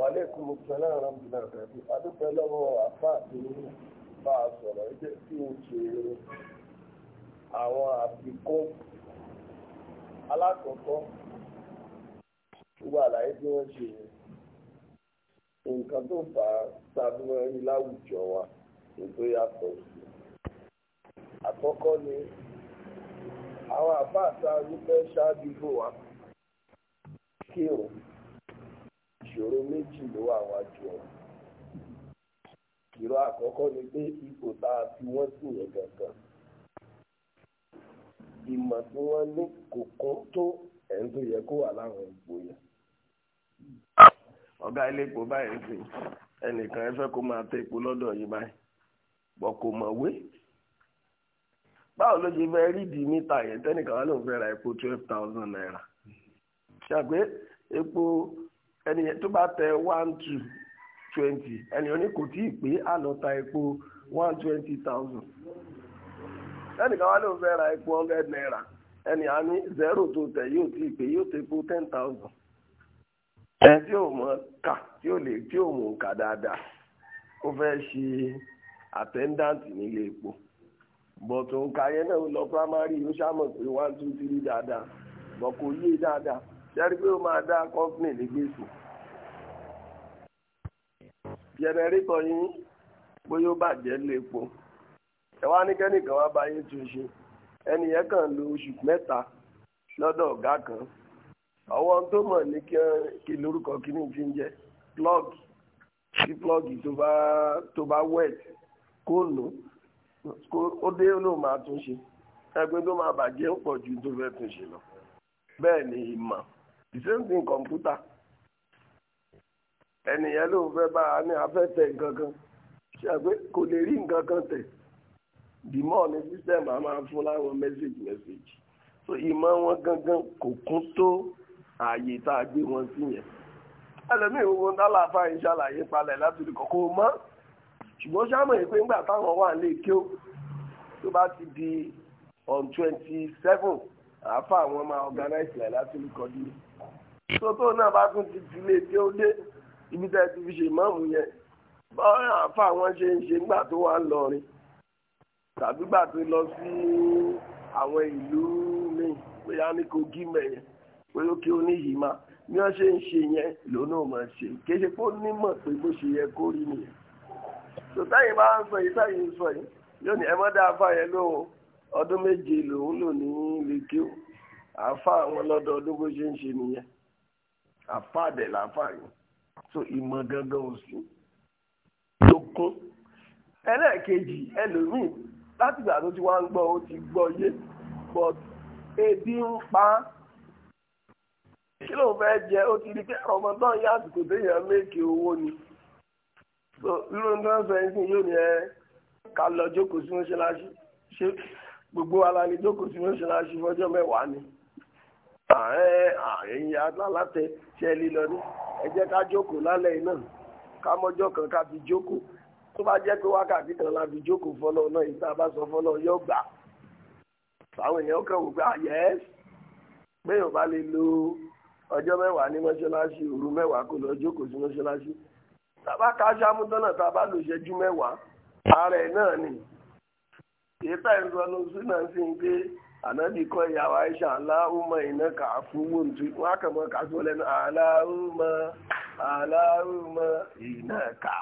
wàlékún mo fẹ́ láàárọ̀ mi náà tẹ̀lé adúpẹ́ lọ́wọ́ àfáà tó ń bá a sọ̀rọ̀ ẹgbẹ́ tí ó ṣe àwọn àfikún alákọ̀ọ́kọ́ gbogbo àlàyé tí wọ́n ṣe nǹkan tó fà á tàbí wọ́n rí láwùjọ wa ètò yàtọ̀ sí àkọ́kọ́ ni àwọn àfáà tá a ní fẹ́ ṣáájú bò wá kí òun ìṣòro méjì ló wà wájú ọ ìṣòro àkọ́kọ́ ni pé ipò tá a fi wọ́n sí yẹn gangan ìmọ̀ tí wọ́n ní kò kún tó ẹ̀ń tó yẹ kó wà láwọn ipò yẹn. ọ̀gá ilé epo báyìí ń ẹnìkan ẹ fẹ́ kó máa tẹ epo lọ́dọ̀ yìí báyìí bọ̀ kò mọ̀wé báwo ló ṣe fẹ́ rí di mítà yẹn tẹ́nìkan wà lóun fẹ́ ra epo twelve thousand naira ṣàgbé epo ẹnìyẹn tó bá tẹ one two twenty ẹnìyẹn ní kò tí ì pé àlọ́ta epo one twenty thousand ẹnìkan wá ló fẹ́ ra epo hundred naira ẹnìyẹn ní zero tó tẹ yóò tí ì pé yóò tẹ epo ten thousand ẹ tí ò mọ̀ kà tí ò lè tí ò mọ̀ kà dáadáa ó fẹ́ ṣe attendant nílé epo bọ̀tò nǹka yẹn náà lọ primary ó ṣàmọ̀ pé one two three dáadáa bọ̀ kò yé dáadáa ṣẹ́rí pé ó máa dá company ní jẹnẹrétọ̀ yín bóyá ó bàjẹ́ lépo ẹ wá ní kẹ́nìkan wá bá yín tún ṣe ẹnìyẹn kàn lo oṣù mẹ́ta lọ́dọ̀ ọ̀gá kan ọwọ́ tó mọ̀ ní kí lórúkọ kíní ti ń jẹ́ plug sí plug tó bá tó bá wet kó nù ó dé ló máa tún ṣe ẹgbẹ́ tó máa bàjẹ́ pọ̀ ju tó fẹ́ tún ṣe lọ bẹ́ẹ̀ ni ìmọ̀ the same thing computer ẹnìyẹn ló ń fẹ́ bá a ní afẹ́tẹ̀ nǹkan kan ṣàgbé kò lè rí nǹkan kan tẹ̀ dìmọ́ ní system a máa fún láwọn message message so ìmọ̀ wọn gangan kò kún tó ààyè tá a gbé wọn sí yẹn ẹlẹ́mìí wọn dálà fáyín ṣàlàyé palẹ̀ láti rí kọ̀kọ́ mọ́ ṣùgbọ́n sáàmù yìí pé ńgbà táwọn wà lè kí ó tó bá ti di on twenty seven àáfà àwọn máa organize ẹ̀ láti rí kọ́ dé tó tó náà bá tún ti dilé kí ó dé ibi tẹ́ ti fi ṣe ìmáàmù yẹn báwọn àfa àwọn ṣe ń ṣe nígbà tó wà ń lọrin tàbí gbà tó lọ sí àwọn ìlú míì bóyá ní Kogi mẹ́yẹn bóyá kí ó ní ìhìmá bí wọ́n ṣe ń ṣe yẹn lòun náà máa ṣe kéṣe pé ó nímọ̀ pé bó ṣe yẹ kó rí nìyẹn sòtáyìn bá ń sọ yìí táyìn ń sọ yìí yóò ní ẹmọdé afa yẹn lóhùn ọdún méje lòun lò ní lèkìó àfa àwọn lọ́dọọdún bó ṣe ń ṣe nìyẹn àfa àdẹ̀ làfa yìí so ìmọ̀ gangan ò sí ló kún ẹlẹ́ẹ̀kejì ẹlòmíì láti ìgbà tó ti wá ń gbọ́ ó ti gbọ́ yé but ebi ń pa á kí ló ń fẹ́ jẹ ó ti di pé ọmọdé yá àsìkò téèyàn méèkì owó ni so irú ní wọ́n sọ yín sí yóò ní ẹ ká lọ jókòó sí mọ́ṣáláṣí ṣé gbogbo ara ni jókòó sí mọ́ṣáláṣí fọ́jọ́ mẹ́wàá ni ẹ̀yin alálàtẹ ṣe lílọ ní ẹ jẹ́ ká jókòó lálẹ́ iná ká mọ́jọ́ kan ká fi jókòó tó bá jẹ́ pé wákàtí kan la fi jókòó fọlọ́ náà yìí tá a bá sọ fọlọ́ yóò gbà àwọn èèyàn kan wò pé àyẹ́ ah, pé yóò bá lè lo ọjọ́ mẹ́wàá ní mọ́ṣáláṣí òru mẹ́wàá kó lọ jókòó sí mọ́ṣáláṣí tàbá ká sámúdánà tàbá lò ṣẹ́jú mẹ́wàá ààrẹ náà ni èyí tá ẹ̀ ń sọ lóṣù ànábì kọ́ ìyàwó aisha aláhùmá iná kàfúwò ntú wọn kà mọ́ kà sólẹ̀ ní aláhùmá aláhùmá iná kà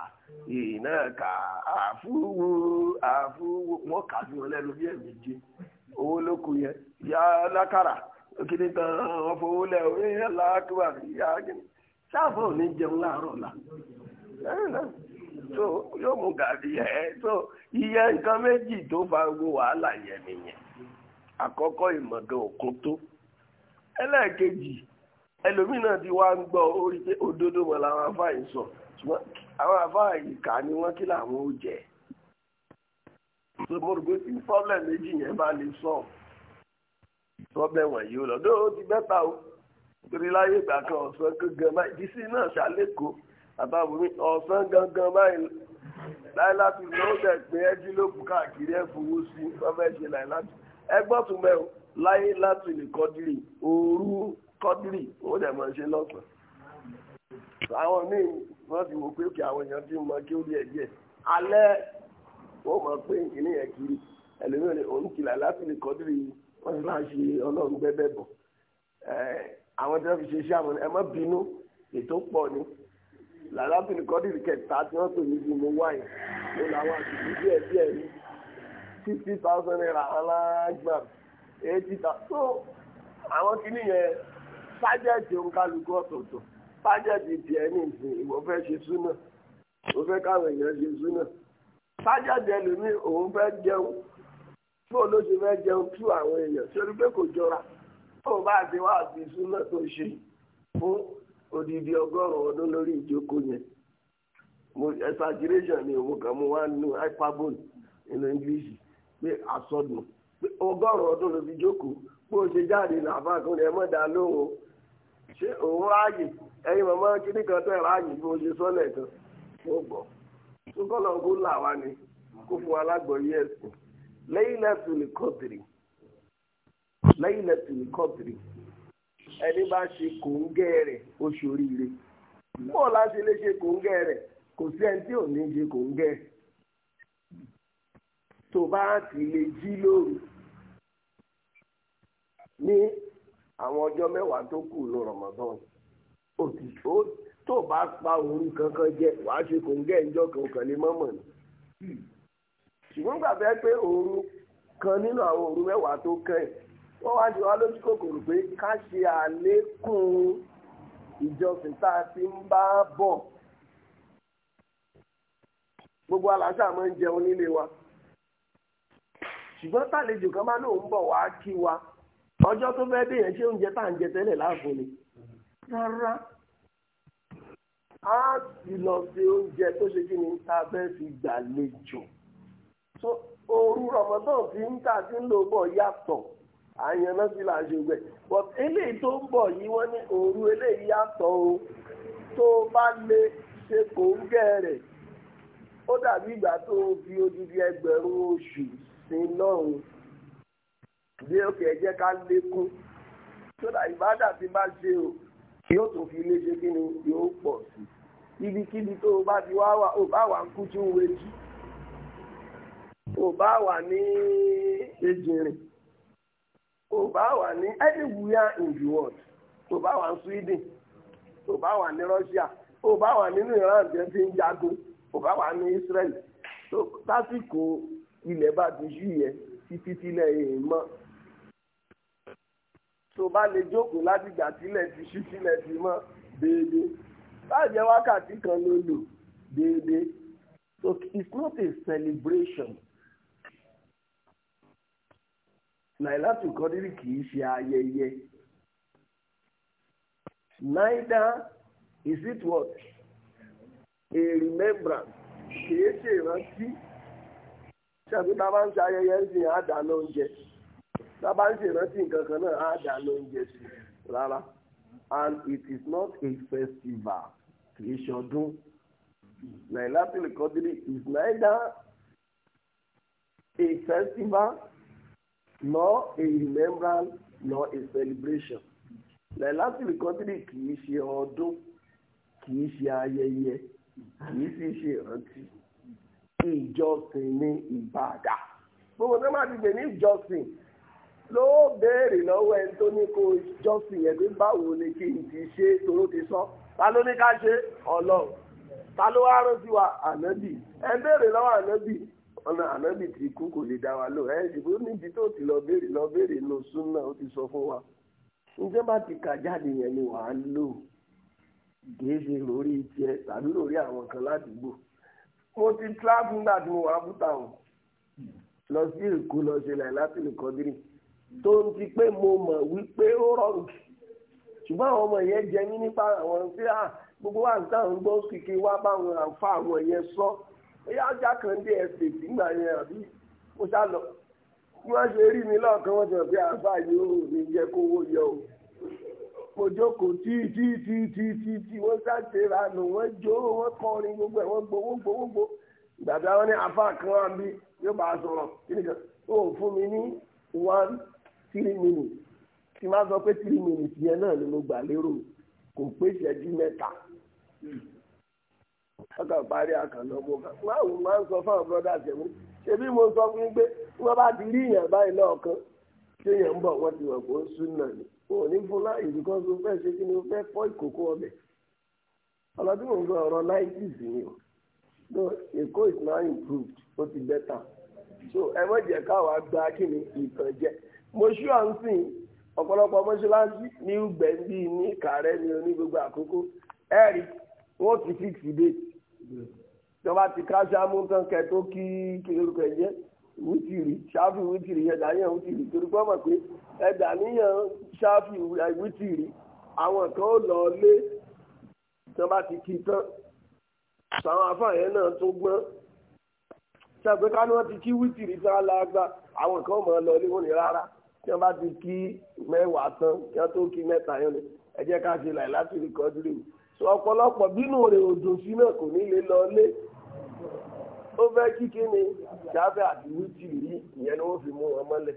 iná kà àfúwò àfúwò wọn kà sólẹ̀ lórí ẹ̀mí jẹ́ owó ló kù yẹ yá lákàrà òkìní kan wọn fowó lẹ orí aláàkúwà yá gíní sáfọ ní jẹun láàárọ̀ la so yóò mú gàdí ẹ so iye nǹkan méjì tó fa gbogbo wàhálà yẹn nìyẹn àkọ́kọ́ ìmọ̀gàn òkun tó ẹlẹ́ẹ̀kejì ẹlòmíì náà ti wá ń gbọ́ orí pé òdodo mọ̀ làwọn afáàyè sọ ṣùgbọ́n àwọn afáàyè kà ní wọ́n kí làwọn ó jẹ́ so mo rò pé tí problem méjì yẹn bá lè sọ problem wọ̀nyí ó lọ dó o ti bẹ́ta o torí láyé ìgbà kan ọ̀sán gangan báyìí dísí náà ṣàlékòó àbábùmí ọ̀sán gangan báyìí láyé láti lọ́ọ́ dẹ̀ pé ẹjí ló kù káàkiri ẹ̀ fowó sí wọ́n fẹ́ ṣe láyé láti ẹgbọ́n tún bẹ́ẹ̀ o láyé láti lè kọ́dírì òru kọ́dírì ó dẹ̀ máa ṣe lọ́sàn-án àwọn míì wọ́n ti wò pé kí àwọn èèyàn ti mọ kí ó rí ẹ̀ díẹ̀ alẹ́ ó mọ̀ pé ìkíní yẹn kiri ẹlòmíràn ni òun kìlà láti lè kọ́dírì wọ́n ti máa ṣe ọlọ́run bẹ́ẹ̀ bọ̀ àwọn tí wọ́n fi ṣe iṣẹ́ àwọn ẹ má bínú ètò pọ̀ ni làlábìnrin kọ́dírì kẹta tí wọ́n pè ní fifty thousand naira alágbàm eighty thousand so àwọn kìíní yẹn tájẹ́ẹ̀tì òǹkálukú ọ̀tọ̀ọ̀tọ̀ tájẹ́ẹ̀tì tiẹ̀ ní ìsìn ìwọ fẹ́ ṣe súnà ìwọ fẹ́ káwọn èèyàn ṣe súnà tájẹ́ẹ̀tì ẹlòmíì òun fẹ́ jẹun bó ló ṣe fẹ́ jẹun tú àwọn èèyàn ṣe orí pé kò jọra tó o bá ti wá àti súnà tó ṣe fún odidi ọgọ́rùn-ún ọdún lórí ìjókòó yẹn mo exaggeration ni òun kan mo wá nu hyperbole nínú English pé àsọdùn pé ọgọ́rùn ọdún ló fi jókòó pé ó ṣe jáde làbá kan ẹ mọ̀ dá lóhùn ṣé òun ráàyè ẹ̀yin màmá kíní kan tẹ̀ ráàyè bí mo ṣe tán ó gbọ́ là wá ni kó fún wa ẹ̀sìn lẹ́yìn kọ́tìrì lẹ́yìn ṣe kòńgẹ́ rẹ̀ oṣù oríire bọ́ọ̀lá ṣe tó bá ti lè jí lóru ní àwọn ọjọ́ mẹ́wàá tó kù ní Ramadan òtítọ́ tó bá pa òru kankan jẹ wàá ṣe kò ń gẹ́ ìjọ kan kàn lè mọ́mọ́ ni ṣùgbọ́n gbàgbẹ́ pé òru kan nínú àwọn òru mẹ́wàá tó kẹ́yìn wọ́n wá jù wá lójú kòkòrò pé ká ṣe àlékún ìjọsìn tá a ti ń bá bọ̀ gbogbo aláṣà máa ń jẹun nílé wa ṣùgbọ́n tàlejò kan máa lóun bọ̀ wá kí wa ọjọ́ tó fẹ́ dé yẹn ṣé oúnjẹ tá à ń jẹ tẹ́lẹ̀ láàfin ni rárá a sì lọ sí oúnjẹ tó ṣe kí ni ta fẹ́ fi gbàlejò so òru rọmọdán tí ń tà sí ń lò bọ̀ yàtọ̀ àyànná sí là ń ṣe gbẹ but eléyìí tó ń bọ̀ yìí wọ́n ní òru eléyìí yàtọ̀ o tó bá lè ṣe kò ń gẹ̀ rẹ̀ ó dàbí ìgbà tó fi odidi ẹgbẹ̀rún oṣù sin lọ́run bí òkè ẹ jẹ́ ká lékún sódà ìbádà tí bá ṣe o yóò tún fi ilé ṣe kí ni yóò pọ̀ sí ibikíbi tó o bá ti wá wà ó bá wà ń kú tí ń wejì ó bá wà ní ejìnrìn ó bá wà ní anywhere in the world ó bá wà ní Sweden ó bá wà ní Russia ó bá wà nínú Iran jẹ́ ti ń jagun ó bá wà ní Israel tó ilẹ̀ bá ti ṣú yẹ títí tílẹ̀ èèyàn mọ́ tó bá lè jókòó láti gbà tílẹ̀ ti ṣú tílẹ̀ ti mọ́ déédéé báyìí wákàtí kan ló lò déédéé so it's not a celebration Láìlátù Kọ́dírì kì í ṣe ayẹyẹ neither is it what a remembrance kì ìrántí ṣàbí tá bá ń ṣe ayẹyẹ ń sìn àdá lóúnjẹ bá ń ṣèrántí nǹkan kan náà àdá lóúnjẹ sí rárá and it is not a festival kì í ṣọdún Lailatul Qadri is neither a festival nor a remembrance nor a celebration Lailatul Qadri kì í ṣe ọdún kì í ṣe ayẹyẹ kì í sì ṣe ìrántí. ìjọsìn ní ìbàdà gbogbo tó máa ti gbè ní ìjọsìn ló béèrè lọ́wọ́ ẹni tó ní kó jọ́sìn yẹn pé báwo ni kí n ti ṣe toró ti sọ ta ló ní ká ṣe ọlọ́run ta ló wá rán sí wa ànábì ẹ béèrè lọ́wọ́ ànábì ọ̀nà ànábì ti kú kò lè dá wa lò ẹ ṣùgbọ́n níbi tó ti lọ béèrè lọ béèrè lọ súnà ó ti sọ fún wa ǹjẹ́ bá ti kà jáde yẹn ni wàá lò kì í ṣe lórí tiẹ̀ tàbí lórí àwọn kan ládùúgbò mo ti travel nígbà tí mo wà búta o lọ sí èkó lọ ṣe láì láti lè kọdírì tó ń ti pé mo mọ̀ wípé ó rọrùn ṣùgbọ́n àwọn ọmọ yẹn jẹ mí nípa àwọn tí à gbogbo wa níta ń gbọ́ kìkì wá báwọn àǹfà àwọn yẹn sọ bóyá ọjà kan dé ẹsẹ̀ nígbà yẹn àbí mo ṣá lọ bí wọ́n ṣe rí mi lọ́ọ̀kan wọ́n ti rọ̀ pé àǹfà yìí ó ní jẹ́ kówó yọ o mo jókòó tí tí tí tí tí tí wọ́n ṣàṣe ìranù wọ́n jó wọ́n kọrin gbogbo ẹ̀ wọ́n gbowó gbowó gbó gbàgbé àwọn ní afa kan wà bí yóò bá a sọ̀rọ̀ kí ni kan ó fún mi ní one three minutes tí máa sọ pé three minutes yẹn náà ni mo gbà lérò kò pé ìṣẹ́jú mẹ́ta ọkàn parí àkànlọ́gbò kan báwo máa ń sọ fáwọn bọ́dà tẹ̀mú ṣebí mo sọ fún yín pé wọ́n bá ti rí ìyàn báyìí lọ́ọ̀kan ṣé yẹn ń bọ̀ wọ́n ti wọ̀ kó ń ni. o ní fún láàyè o fẹ́ ṣe kí ni o fẹ́ fọ́ ìkòkò ọbẹ̀ ọlọ́dún mò ń ọ̀rọ̀ nineties ni o so is now improved ó ti better so ẹ mọ̀ jẹ́ káwa gba kí ni mo à ń sìn ọ̀pọ̀lọpọ̀ mọ́ṣáláṣí ní gbogbo àkókò wọ́n ti fix ìjọba ti kí kí ẹ jẹ́ wútìrì ẹ̀dà níyàn ṣáfì wítìrì àwọn kan ó lọ lé tí wọ́n bá ti kí tán sàwọn afáàyàn náà tó gbọ́n ṣàgbé ká ní wọ́n ti kí wítìrì tí wọ́n lágbá àwọn kan mọ̀ ọ́ lọ lé wọ́n ní rárá tí wọ́n bá ti kí mẹ́wàá tán kí wọ́n tó kí mẹ́ta yẹn ni ẹ jẹ́ ká ṣe láì láti rí kọ́dúrì sọ ọ̀pọ̀lọpọ̀ bínú rẹ̀ òjò sí náà kò ní lè lọ lé ó fẹ́ kí kí ni ṣáfẹ́ àti wítìrì yìí ni wọ́n fi mú wọn mọ́lẹ̀.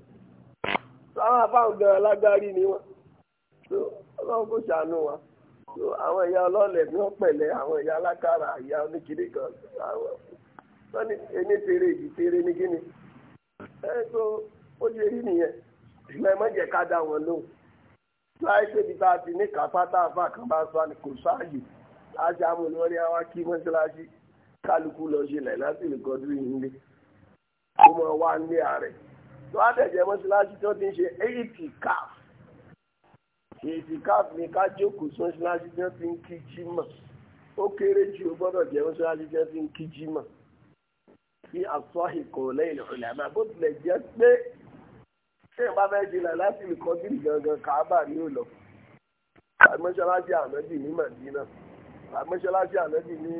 àwọn afáwọn gan alágbárí ni wọn ọlọ́run kò ṣàánú wa àwọn ìyá ọlọ́ọ̀lẹ̀ ní ọ̀pẹ̀lẹ̀ àwọn ìyá alákàrà ìyá oníkiri kan wọ́n ní ẹni tere èyí tere ní kíni ẹ tó ó ṣe rí nìyẹn ìgbà mọ́jẹ̀ ká dá wọn lóhùn láì ṣébi tá a ti ní kápá tá a fà kán bá sọ ni kò sáàyè láti amúni wọn ní àwa kí mọ́ṣáláṣí kálukú lọ ṣe lẹ̀ láti lè kọjú ìhìn tó á dẹ̀jẹ̀ mọ́ṣáláṣí tó ti ń ṣe eighty caf eighty caf ni ká jókòó sí mọ́ṣáláṣí tó ti ń kí jímọ̀ ó kéré jù ó gbọ́dọ̀ jẹ́ mọ́ṣáláṣí tó ti ń kí jímọ̀ fi àsọ́hì kọ̀ lẹ́yìn ìrọ̀lẹ́ àmọ́ bó tilẹ̀ jẹ́ pé ṣé ìbá fẹ́ jìnnà láti lè kọ́ bíi gangan kàábà ní òlọ́ àmọ́ṣáláṣí ànábì ní màdínà àmọ́ṣáláṣí ànábì ní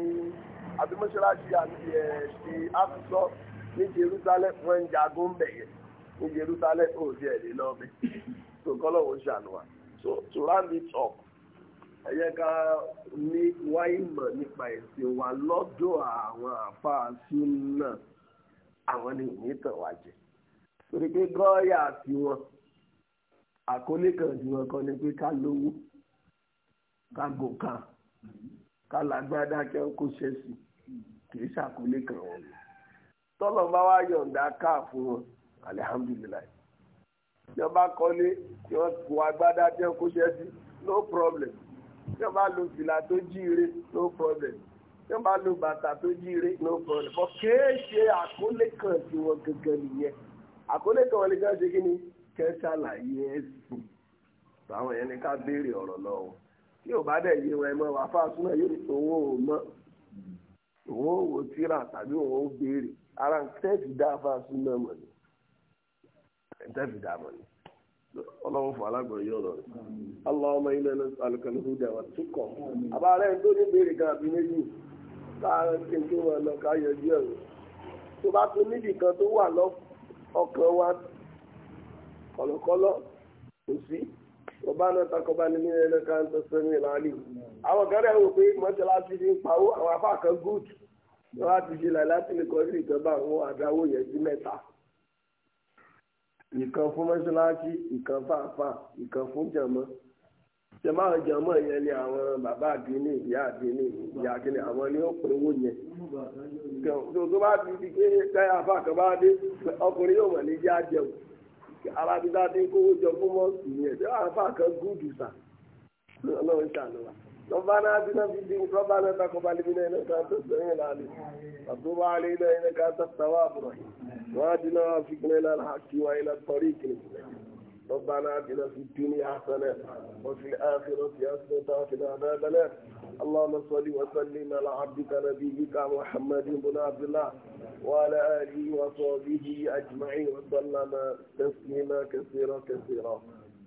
àbí mọ́ṣáláṣí àti ẹ̀ ṣe àkùsọ ní Jerusalem wọ́n ń jagun bẹ̀yẹn. ó Jerusalem ó di ẹ̀dẹ̀ lọ́bẹ̀ so so to round it up ẹ ká ní nípa wa lọ́dọ̀ àwọn àfáàsù náà àwọn ni wa jẹ torí pé gọ́ọ̀yà tiwọn àkọlé kan kan ni pé ká lówó ká gòkà ká lágbádá kẹ́ ń kó ṣẹ́sì kì í ṣàkọlé kan wọn tọ́lọ̀ bá wá yọ̀ǹda fún wọn alihamdulilayi tí wọ́n bá kọ́lé tí wọ́n kó agbádá tí wọ́n kó ṣẹ́ sí no problem tí wọ́n bá lo fìlà tó jíire no problem tí wọ́n bá lo bàtà tó jíire no problem bọ́ kéé ṣe àkólé kan tí wọ́n gangan nìyẹn àkólé kan wọ́n lè kàn ṣe kí ni kẹ́sàlàyé ẹ̀sìn báwọn yẹn ní ká béèrè ọ̀rọ̀ lọ́wọ́ tí ò bá dẹ̀ yé wọn ẹ mọ́ wàá fásun náà yóò ní òun ò mọ́ òun ò wò tíra tàbí òun ò béèrè ara ń tẹ́sí dá fásun náà mọ̀ ni. ẹ̀ńtẹ́ fi dààmú ni ọlọ́run fún alágbọ̀n yóò lọ rẹ̀ ọlọ́run mẹ́rin lẹ́nu alùpùpù húdà wà túkọ̀ àbárẹ́ tó ní béèrè kan àbí méjì káàárọ̀ kí n tó wọn lọ ká yọjú ẹ̀rọ tó bá tún kan tó wà lọ ọkàn wa kò sí ọba náà ẹ̀rọ àwọn kan rẹ̀ wò pé ti ń pawó àwọn afáàkàn gúùtù ìkan fún mọ́ṣáláṣí ìkan fàáfà ìkan fún jàmọ́ ṣe máa jàmọ́ yẹn ni àwọn bàbá àdínní ìyá àdínní ìyá àdínní àwọn ni ó pè owó yẹn tó tó bá ti di pé táyà fà kan bá dé ọkùnrin yóò mọ̀ ní yá jẹun alábídá ti kówó jọ fún mọ́ọ̀sì yẹn tí wọ́n fà kan gúdù sà lọ́wọ́ ìṣàlùwà. ربنا آتنا في الدين ربنا تقبل منا إنك أنت السميع العليم وتب علينا إنك أنت التواب الرحيم وآتنا وافقنا إلى الحق وإلى الطريق المستقيم ربنا آتنا في الدنيا حسنة وفي الآخرة حسنة وقنا عذاب النار اللهم صل وسلم على عبدك نبيك محمد بن عبد الله وعلى آله وصحبه أجمعين وسلم تسليما كثيرا كثيرا